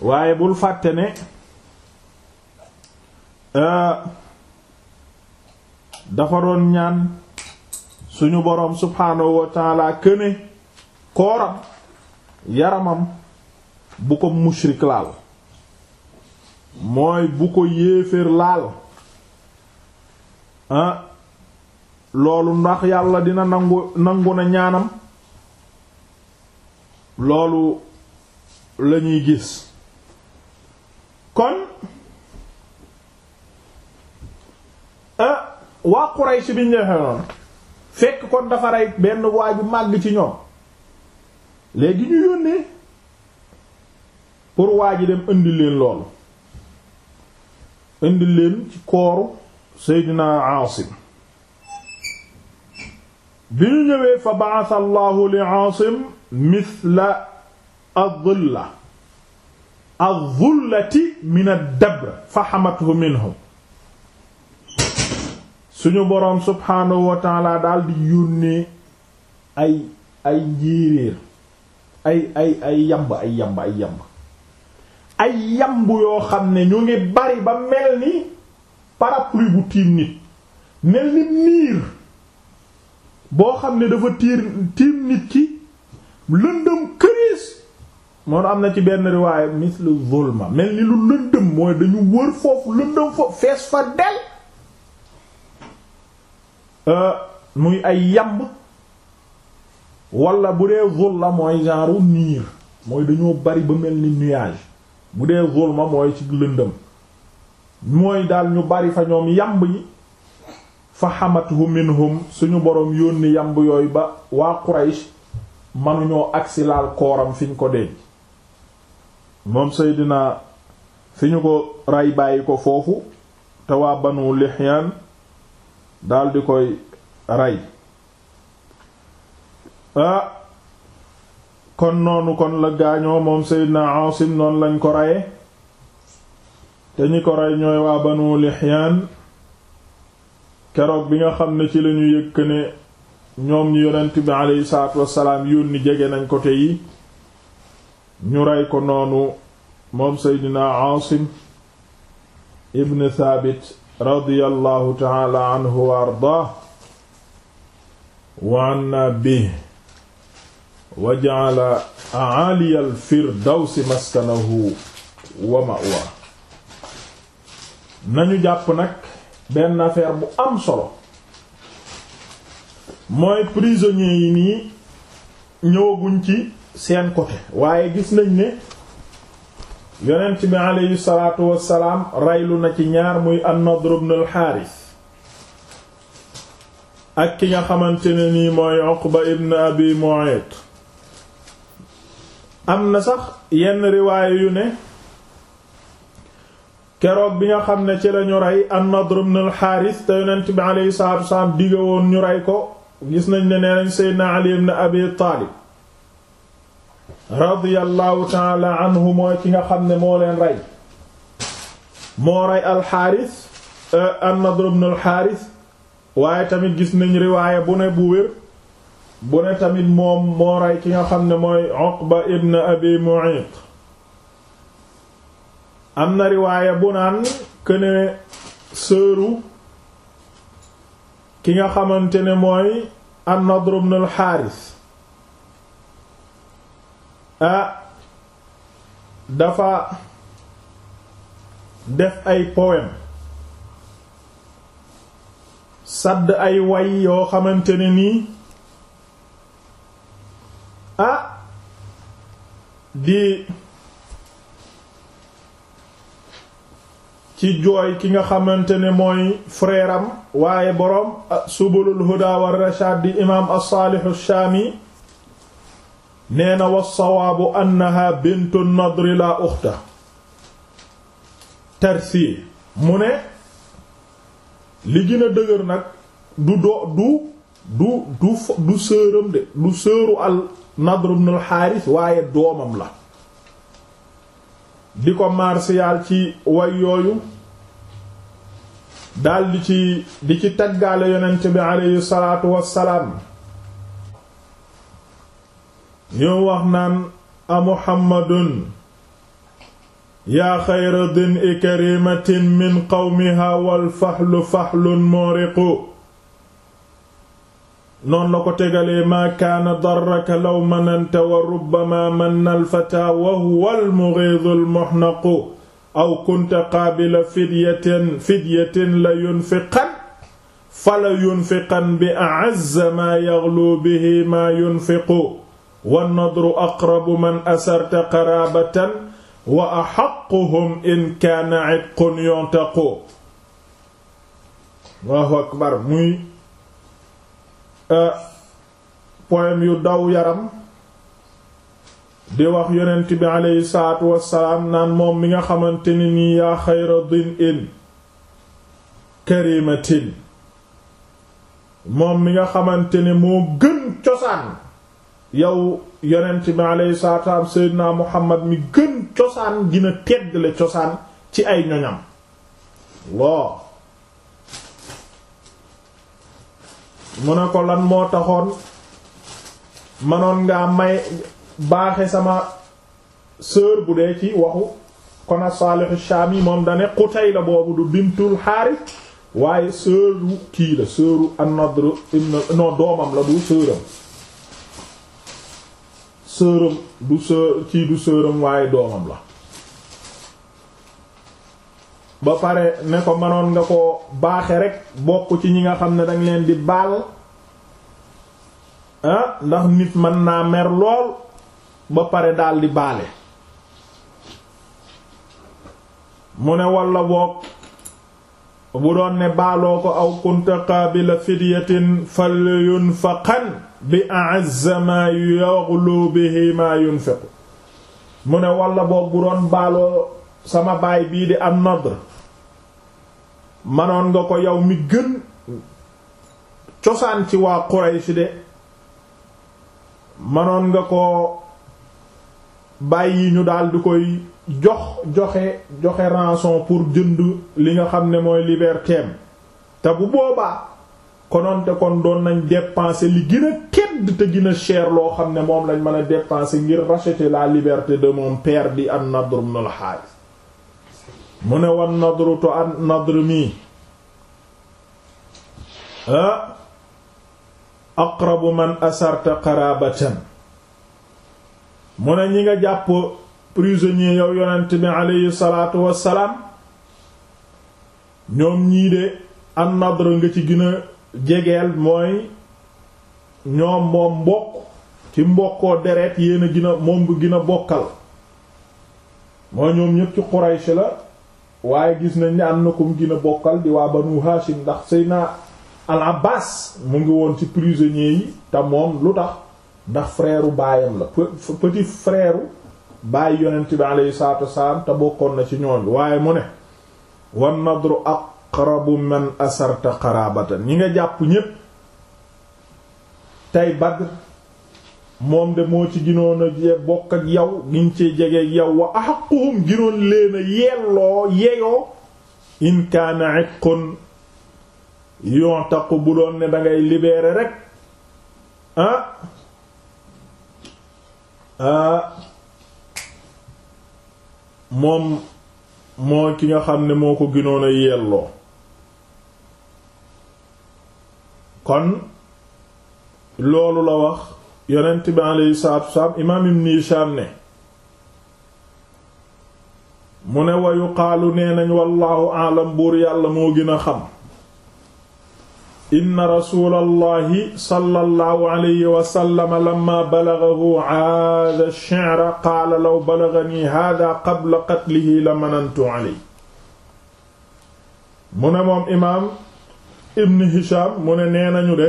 waaye bul fàtte ne euh, dafa doon ñaan suñu boroom subhaanahu wa taala këne kooram yaramam bu ko mushrik laal mooy bu ko yéeféer laal ah, loolu ndax yàlla dina nangu nangu na ñaanam loolu lañuy gis kon waa Quraysh bi ñu ñëwee fekk kon dafa rey benn waay bu màgg ci ñoom léegi ñu yónnee pour waa ji dem indi leen lool indi leen ci kooru Seydina Asim bi ñu ñëwee fa ba'atha Allahu li Asim mithla adilla adhullati min ad-dabr fa hamathu minhum suñu boroom subhaanahu wa taala daal di yónnee ay ay njéeréer ay ay yamb ay yamb ay yamb ay yamb yoo xam ne ñu ngi bari ba mel ni parapluie bu tiim nit mel ni niir boo xam ne dafa tiir tiim nit ki lëndëm këriis moo am na ci benn riwaaye mislu zulma mel ni lu lëndëm mooy dañu wër foofu lëndëm foofu fees fa del euh, muy ay yamb wala bu dee zulma mooy genre niir mooy dañoo bari ba mel ni nuage bu dee zulma mooy ci lëndëm mooy daal ñu bari fa ñoom yamb yi fa xamatuhu minhum suñu boroom yónni yamb yooyu ba waa Quraysh manuñoo agsi laal kooram fi ñu ko denc moom Seydina fi ñu ko rey bàyyi ko foofu te waa Banu Lihyaan daldi koy rey ah kon noonu kon la gaañoo moom Seydina Asim noonu lañ ko reye te ñi ko rey ñooy waa Banu Lihyaan keroog bi nga xam ne ci lañu yëkk ne ñoom ñu yonent bi aleyhi salaatu wassalaam yónni jege nañ ko te yi ñu rey ko noonu moom seydina Asim ibn Thabit radiyallahu taala anhu wa anna bi wa ja'ala a'aliya al-firdawsi maskanahu wa ma'wa nañu jàpp nag benn affaire bu am solo mooy prisonniers yi nii ñëwaguñ ci seen côté waaye gis nañ ne yonent bi aleyhi salaatu wassalaam raylu na ci ñaar muy an-Nadr ibn ak ki nga xamante ne nii mooy Uqba ibn Abi Mu'ayt am na sax yenn riwaaya yu ne keroog bi nga xam ne ci lañu rey an-Nadr ibn al-Haaris te yonent bi aleyhi salaatu wassalaam digga woon ñu rey ko gis nañ ne nee nañ seydna ali ibn abi taalib radiyallahu taala anhu mooy ki nga xam ne moo leen rey moo rey alxaaris euh, an-nadr alxaaris waaye tamit gis nañu riwaaya bu ne bu wér bu ne tamit moom moo rey ki nga xam ne mooy uqba ibn abi mu'ayt am na riwaaya bu naan këne sëru ki nga xamante ne mooy an-Nadr ibn al-Haaris ah dafa def ay poème sadd ay way yoo xamante ne nii ah di ci jooy ki nga xamante ne mooy frère waaye boroom subulul huda war rashad di imaam as-Saalih shaami nee na was-sawaabu annaha bintu nadri la uxta tarsi mu ne li gën a dëgër nag du doo du du du sëru al nadr ibn waaye doomam la di ko marsiyaal ci way yooyu daal ci di ci taggaale yonent bi aleyhi salaatu wassalaam ñoo wax naan a muhammadun yaa xayra din i karimatin min qawmiha wal faxlu faxlun mooriqu noonu la ko tegalee maa kaana darraka law mananta wa rubbama manna alfata wa huwa almughiidu almuhnaqu aw kunta qaabila fidyatin fidyatin la yunfiqan fala yunfiqan bi a'azza maa yaghlu bihi maa yunfiqu wannadru aqrabu man asarta qaraabatan wa axaquhum in kaana itqun yuntaqu Allahu akbar muy Euh, poème yu daw yaram di wax yonent bi aleyhi naan moom mi nga xamante ni nii yaa xayra din in karimatin moom mi nga xamante ne moo gën cosaan yow yonent bi aleyhi salaatu wassalaam seydina muhammad mi gën cosaan gina tedd le cosaan ci ay ñoñam loo mu ne ko lan moo taxoon mënoon ngaa may baaxe sama sœur bu dee ci waxu kon a Saalih Shaami moom dane la boobu du bintul Haaris waaye sœuru kii la sœuru an-Nadr ibn non doomam la du sœuram sœuram du sœur kii du waaye doomam la ba pare ne ko mënoon nga ko baaxe rekk bokk ci ñi nga xam ne danga leen di baal ah, ndax nit mën naa mer lool ba pare daldi baale mu ne walla boog bu doon ne baaloo ko aw kunta qaabila fidyatin fal yunfaqan bi a'azza ma yaghlu bihi ma yunfiqu mu ne walla boog bu doon baaloo sama baay bii di an-Nadr manoon nga ko yow mi gën cosaan ci waa Quraysh de manoon nga ko bàyyi ñu daal di koy jox joxe joxe rançon pour jënd li nga xam ne mooy liberté te bu boobaa kononte kon doon nañ dépenser li gën a te gën a cher loo xam ne moom lañ mën a dépenser ngir racheter la liberté de mon père di an-Nadr ibn al-Harith mu ne wan nadru to an nadr mi ah aqrabu man asarta qarabatan mu ne ñi nga jàpp prisonnier yow yonent bi aleyhi wassalaam ñoom ñii de an nga ci gina a jegeel mooy ñoom moom mbokk ci mbokkoo deret yéen a gën moom gën a bokkal mooy ñoom ñépp ci Quraysh la waaye gis nañ ne am na ko gën a bokkal di waa banu Hashim ndax Seydina al mu ngi woon ci prisonnier yi te moom lu tax ndax frère baayam la petit frère baay yonent bi aleyhi te bokkoon na ci ñooñ waaye mu ne wan nadru aqrabu man asarta qarabatan ñi nga jàpp ñépp tey Badr moom de moo ci ginoon a je bokk ak yow giñ cee jegeeg yow wa ahaqquhum ginoon leen a yelloo yeyoo in kaana itqun yuntaqu bu doon ah. Ah. moom moo ki nga xam ne moo ko ginoon a yelloo kon loolu la wax yonent bi aleyhi salaatu wasalaam imaam ibn Hishaam ne mu ne wa yuqaalu nee nañ aalam buur yàlla moo gën a xam inna rasuulallahi sallallahu alayhi wa sallam lamma balagahu haadha ash-shi'ra qaala law balaganii haadha qabla qatlihi la manantu alayhi mu ne moom imaam ibn Hishaam mu ne nee de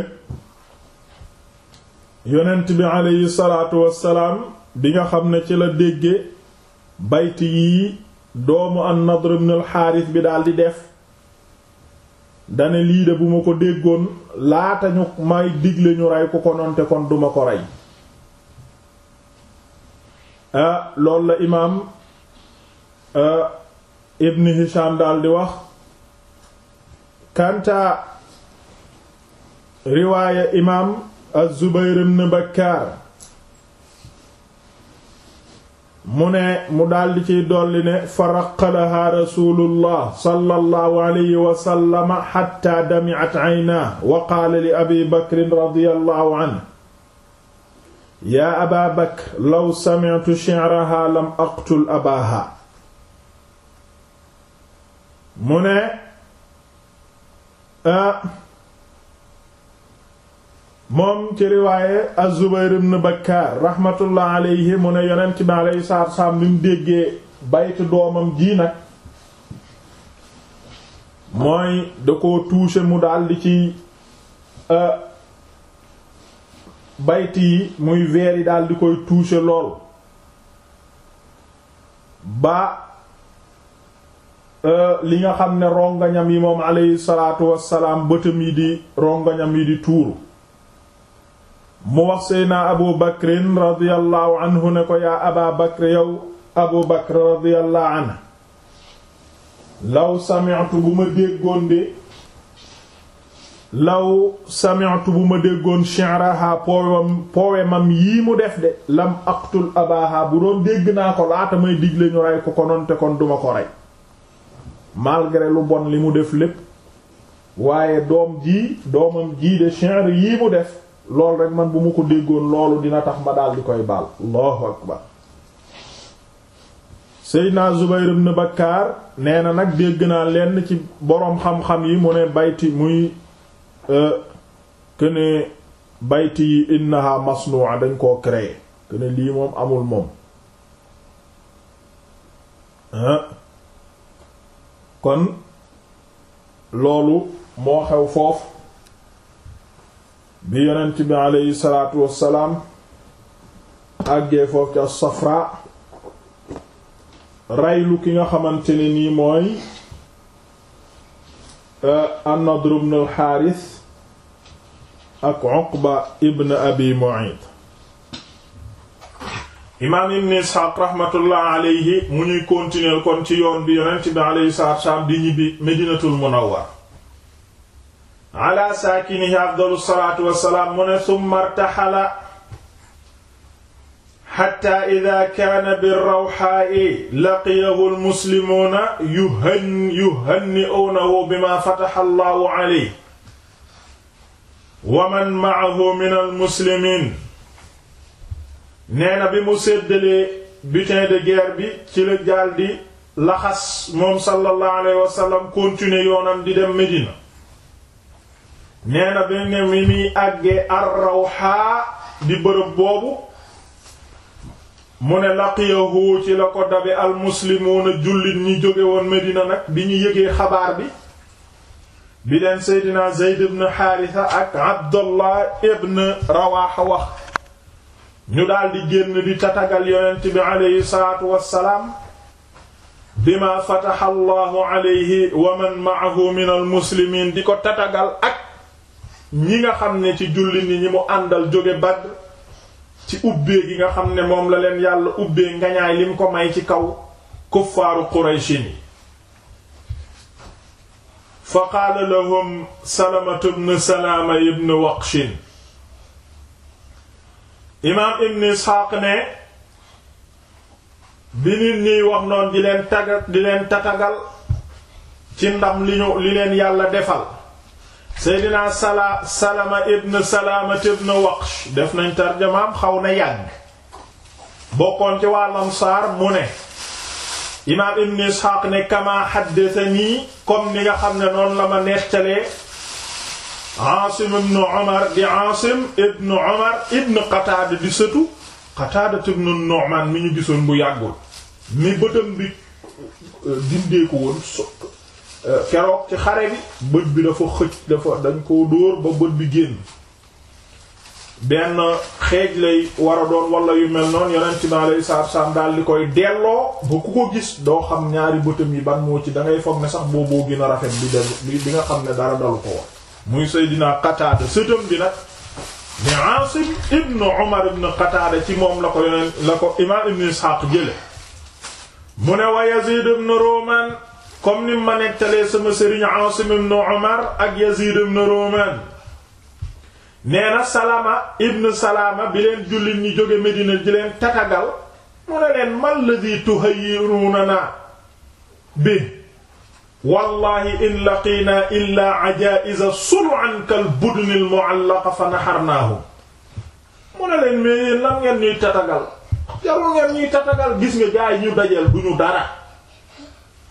yonent bi aleyhi salaatu wassalaam bi nga xam ne ci la dégge bayt yii doomu an-Nadr ibn al bi daldi def dane lii de bu ma ko déggoon laata ñu may digle ñu rey ko kononte kon duma ko rey ah loolu la imaam ah, Ibn Hisham daldi wax kanta riwaaya imaam az-Zubayr ibn Bakkaar mu ne mu daldi ciy dolli ne faraqalahaa rasuulullah sallallahu alayhi wa sallama xatta dami'at aynaahu wa qaala li abi bakrin radiyallahu anhu yaa aba bakr law sami'tu shi'rahaa lam aqtul abaahaa mu ne ah, moom ci riwaaye az-Zubayr ibn Bakkar rahmatullah alayhi mu ne yonent bi alayhi salaatu wa salaam déggee baytu doomam ji nag mooy da ko touché mu daldi ci euh, bayt yi muy veer daldi koy touché lool ba euh, li nga xam ne rongañam yi moom alayhi salaatu wa salaam bëtam yi di rongañam yi di tuuru mu wax seydna abu bakrin radiallahu anhu ne ko yaa aba bakr yow abu bakr radiallahu anhu law sami'tu bu ma déggoon de law sami'tu bu ma déggoon shi'raha poowam poowemam yii mu def de lam aqtul abaha bu doon dégg naa ko laata may digle ñu ko konoon kon duma ko rey malgré bon li mu def lépp waaye doom jii doomam jii de shi'r yii mu def loolu rek man bu ma ko déggoon loolu dina tax ma daal di koy baal allahu akbar seydna Zubayr ibn Bakkaar nee na nag dégg naa lenn ci boroom xam-xam yi mu ne bayti muy këne euh, bayti yi innaha masnua dañ koo créer këne lii moom amul moom kon loolu moo xew foofu bi yonent bi aleyhi salaatu wassalaam àggee foofu ca safra raylu ki nga xamante ne nii mooy euh, an-Nadr ibn al-Haaris ak Uqba ibn Abi Mu'ayt imaam ibn Isxaaq raxmatullah aleyhi mu ñuy continuer kon ci yoon bi yonent bi aleyhi salaatu wassalaam di ñibbi Medinatul Munawwar ala saakinihi afdalu salaatu wassalaam mu ne summa irtaxala xatta ida kaana birrawxaa'i laqiyahu almuslimuuna yuhanni'uunahu bimaa fataxa allahu alayhi wa man ma'ahu min almuslimiin nee na bi mu séddalee butin de guerre bi ci la daldi laxas moom sallallahu alayhi wa sallam continuer yoonam di dem Medina nee na benn mi muy àggee ar di bërëb boobu mu ne laqiyahu ci la ko dabe almuslimuuna jullit ñi jóge woon Medina nag bi ñu yëgee xabaar bi bi leen Seydina Zayd ibn Haarisa ak Abdullah ibn Rawaaha wax ñu daldi génn di tatagal yonent bi aleyhi salaatu wassalaam bima fataha Allahu aleyhi wa man ma'ahu min almuslimiin di ko tatagal ak ñi nga xam ne ci julli ni ñi mu àndal jóge Badr ci ubbee gi nga xam ne moom la leen yàlla ubbee ngañaay lim ko may ci kaw kuffaaru Qurayshin yi fa qaala lahum salamatu bnu salaama ibnu waqshin imaam ibn isxaaq ne bi nit ñiy wax noon di leen tagal di leen tatagal ci ndam li ñu li leen yàlla defal seydina sala salama ibn salama ibn waqsh def nañ tarjamaam xaw na yàgg bokkoon ci wàllam saar mu ne imaam ibn isxaaq ne kama xaddetanii comme ni nga xam ne noon la ma nettalee aasim ibn omar di aasim ibn omar ibn qataada di sëtu qataada ibn nu'man mi ñu gisoon bu yàggul mi bëtam bi euh, dindeeku woon Euh, keroog ci xare bi bët bi dafa xëcc dafa dañ koo dóor ba bët bi génn benn xeej lay war doon wala yu mel noonu yonent bi alayhi salaatu wassalaam daal di koy delloo ba ku ko gis doo xam ñaari bëtam yi ban moo ci da ngay foog ne sax booboo gën a rafet bi de bi nga xam ne dara dalu ko woon muy Seydina Qataada sëtam bi nag ni Aasim ibnu Umar ibnu Qataada ci moom la ko imaam ibnu Isxaaq jële mu ne wa Yaziid ibnu Ruumaan comme ni ma nettalee sama sëriñ Asim ibn Umar ak Yazid ibn Roman nee na ibn Salama bi leen jullit ñi jóge Medina di leen tatagal mu ne leen man ladhi tuhayyirunana bi wallahi in laqiinaa illaa ajaa'iza sul'an kal budni al mu'allaqa fa naharnaahum mu ne leen mais yéen lan ngeen ñuy tatagal jarul ngeen ñuy tatagal gis nga gaay ñu dajal duñu dara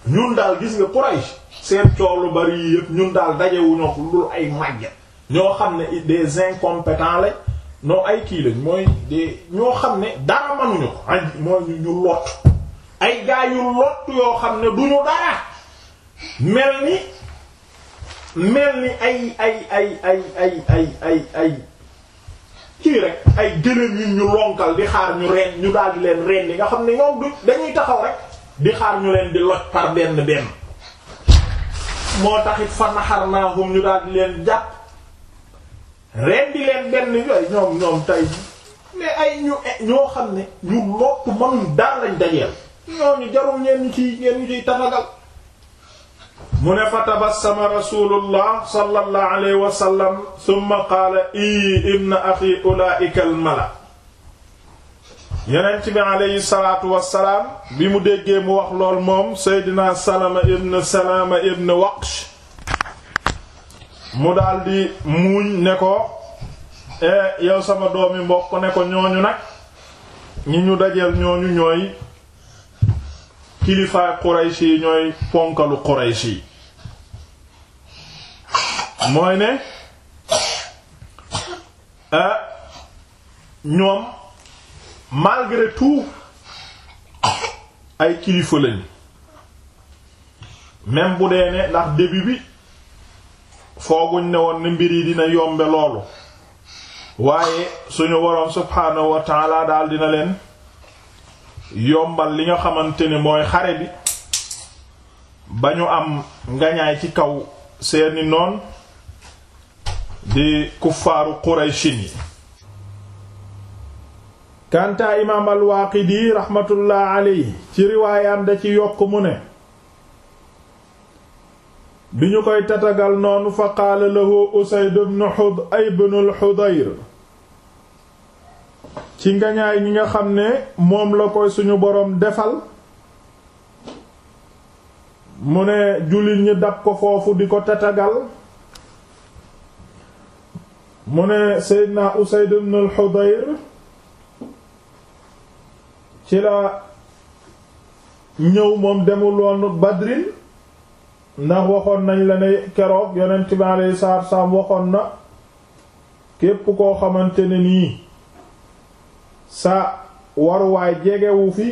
ñun daal gis nga Quraysh seen coow lu bari yii yëpp ñun daal dajewuñu ko lu ay màgget ñoo xam ne des incompétents la non ay kii lañ mooy de ñoo xam ne dara manuñu ko ay mooy ñu lott ay gaa yoo xam ne duñu dara mel ni mel ni ay ay ay ay ay ay ay ay kii rek ay gëléem yi ñu lonkal di xaar ñu reen ñu daal di leen reen yi nga xam ne ñoom du dañuy taxaw rek di xaar ñu leen di loj par benn benn moo taxit fa naxarnaahum ñu daal di leen jàpp rendi leen benn yooyu ñoom ñoom tey mais ay ñu e ñoo xam ne ñu mokk mënuñ daan lañ dajeel ñooñu jarul ñeen ñu ciy ñeen ñu ciy tafagal mu ne fa tabassama rasulullah sallallahu alayhi wa sallam thumma qaala i ibna mala yonent bi aleyhi salaatu wassalaam bi mu déggee mu wax lool moom seydina salama ibn salama ibn waqsh mu daldi muuñ ne ko e yow sama doomi mbokk ne ko ñooñu nag ñi ñu dajal ñooñu ñooy kilifaay Quraysh yi ñooy ponkalu Quraysh yi mooy ne eh, ñoom malgré tout ay kilifa lañ même bu dee ne ndax début bi fooguñ ne woon ne mbir yi dina yombe loolu waaye suñu boroom subhaanahu wa taala daal dina leen yombal li nga xamante ne mooy xare bi ba ñu am ngañaay ci kaw seeni noon di kuffaaru Quraysh yi kanta imaam al-Waaqidi raxmatullah ci riwaayam da ci yokk mu ne bi ñu koy tatagal noonu fa qaala lahu Usayd ibn Hud ibn ci ngañaay ñi nga xam ne moom la koy suñu boroom defal mu ne jullit ñi dab ko foofu di ko tatagal mu ne Seydina Usayd ibn al-Hudayr ci la ñëw moom demul woon badrin ndax waxoon nañ la ne keroog yonent bi alayhi salaatu salaam waxoon na képp koo xamante ne nii sa waruwaay jegewu fi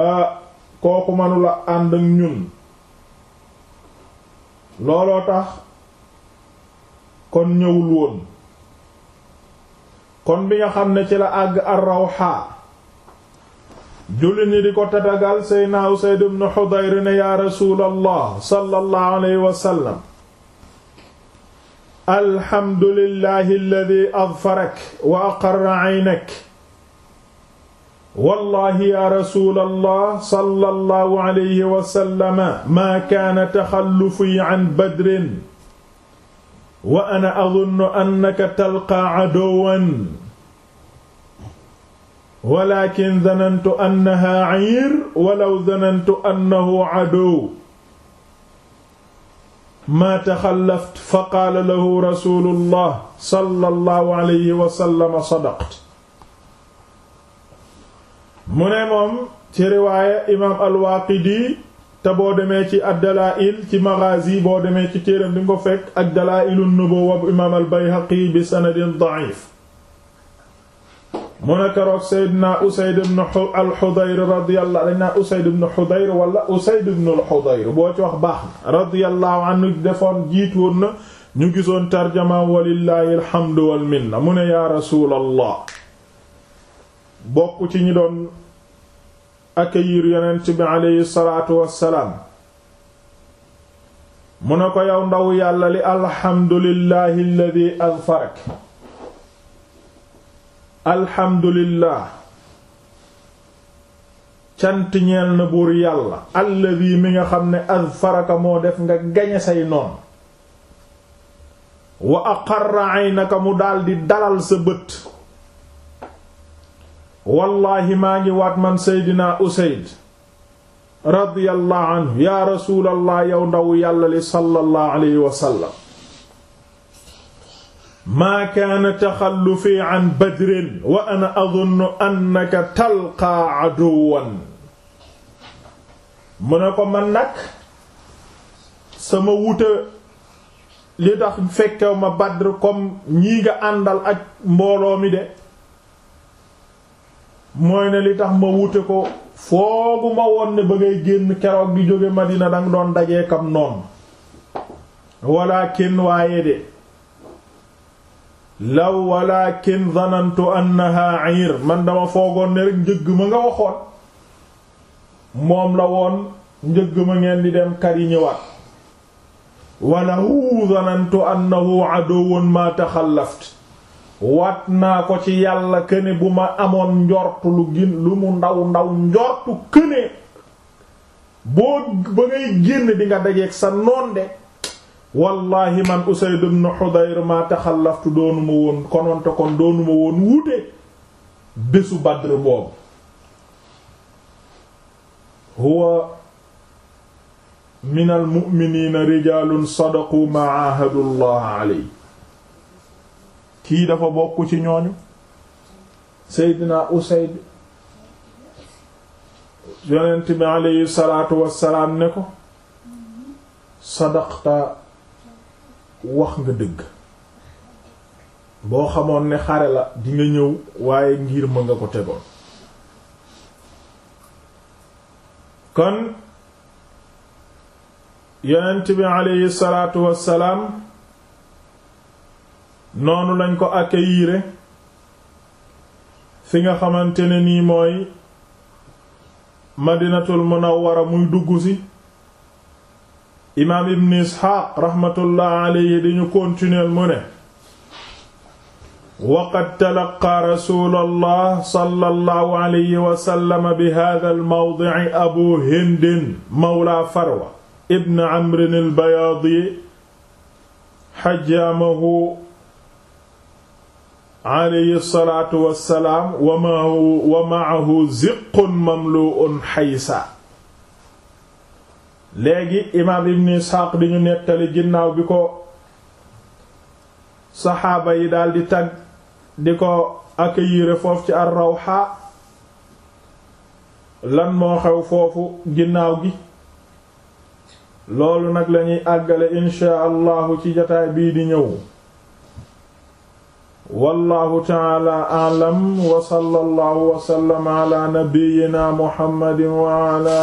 euh, kooku manula ànd ak ñun looloo tax kon ñëwul woon kon bi nga xam ne ci la àgg ar-Rawha jullit ñi di ko tatagal Seydina Usayd ibn Hudayr ne yaa rasuulallah sallallahu alayhi wa sallam alhamdulillahi alladhi adfarak wa aqarra aynak wallahi yaa rasuulallah sallallahu alayhi wa sallam maa kaana taxallufi an badrin wa ana adunnu annaka talqaa aduwwan walakin danantu annaha ayir walaw danantu annahu adow maa taxallaft fa qaala lahu rasulullah sallallahu alayhi wa sallam sadaqt mu ne moom ci riwaaya imaam al-Waaqidi te boo demee ci ad-Dalaa'il ci Maghaazi boo demee ci téeram di nga ko fekk ak Dalaa'ilu Nubuwwa bu imaam al-Bayhaqi bi sanadin da'if mu ne keroog Seydina Usayd ibn al-Hudayr radiyallahu dañ naa Usayd ibn Hudayr wala Usayd boo ci wax baax na radiyallahu anhu jiit woon na ñu gisoon tarjama walillahi alhamdu wal minna mu ne yaa rasuulallah bokk ci ñi doon accueillir yonent bi aleyhi salaatu wassalaam mu ne ko yow ndaw yàlla li alhamdulillahi alladhi azfarak alhamdulillah cant ñeel na buur yàlla alladi mi nga xam ne faraka moo def nga gañe say noon wa aqarra aynaka mu daldi dalal sa bët wallaahi maa ngi waat man seydina usayd radiyallahu anhu yaa rasuulallah yow ndaw yàlla li sallallahu alayhi wa maa kaana taxallufi an badrin wa ana adunnu a talqaa aduwan mu ne ko man nag sama wuta li tax fekkew ma badr comme ñii nga àndal ak mbooloo mi de mooy ne li tax ma wute ko foogu ma woon ne ba ngay génn keroog di jóge Madina danga doon dajee kam noonu walakin waaye de law walakin zanantu annaha ayir man dama foogoon ne njëgg ma nga waxoon moom la woon njëgg ma ngeen di dem kar yi ñëwaat walahu zanantu annahu aduwwun ma taxallaft waat naa ko ci yàlla këne bu ma amoon njort lu lu mu ndaw ndaw njortu këne boo ba ngay génn di nga dajeeg sa noon de wallahi man Usayd ibn Hudayr ma taxallaftu doonuma woon kononte kon doonuma woon wuute bésu Badr boobu huwa min al mu'miniina sadaqu ma aahadu llaha alayhi kii dafa bokk ci ñooñu Seydina Usayd yonent alayhi salaatu wassalaam ne ko sadaqta wax nga dëgg boo xamoon ne xare la di nga ñëw waaye ngir ma nga ko tegoon kon yonent bi aleyhi noonu lañ ko accueillir fi nga xamante ne nii mooy madinatul munawwara muy dugg si imaam ibn isxaaq raxmatullah alayhi dañu continuer mu ne waqad talaqa rasuulallah sallallahu alayhi wa sallam bi haadha al-mawdi'i abu hindin mawla farwa ibn amrin al-bayaadi xajaamahu alayhi salaatu wassalaam wa ma'ahu ziqqun mamlu'un xaysa léegi imaam ibn isxaaq di ñu nettali ginnaaw bi ko saxaaba yi daldi tag di ko accueillir foofu ci ar lan moo xew foofu ginnaaw gi loolu nag lañuy àggale inshaa allahu ci jataay bii di ñëw wallahu taala aalam wa sallallahu wa sallama ala nabiyyina muhammadin wa ala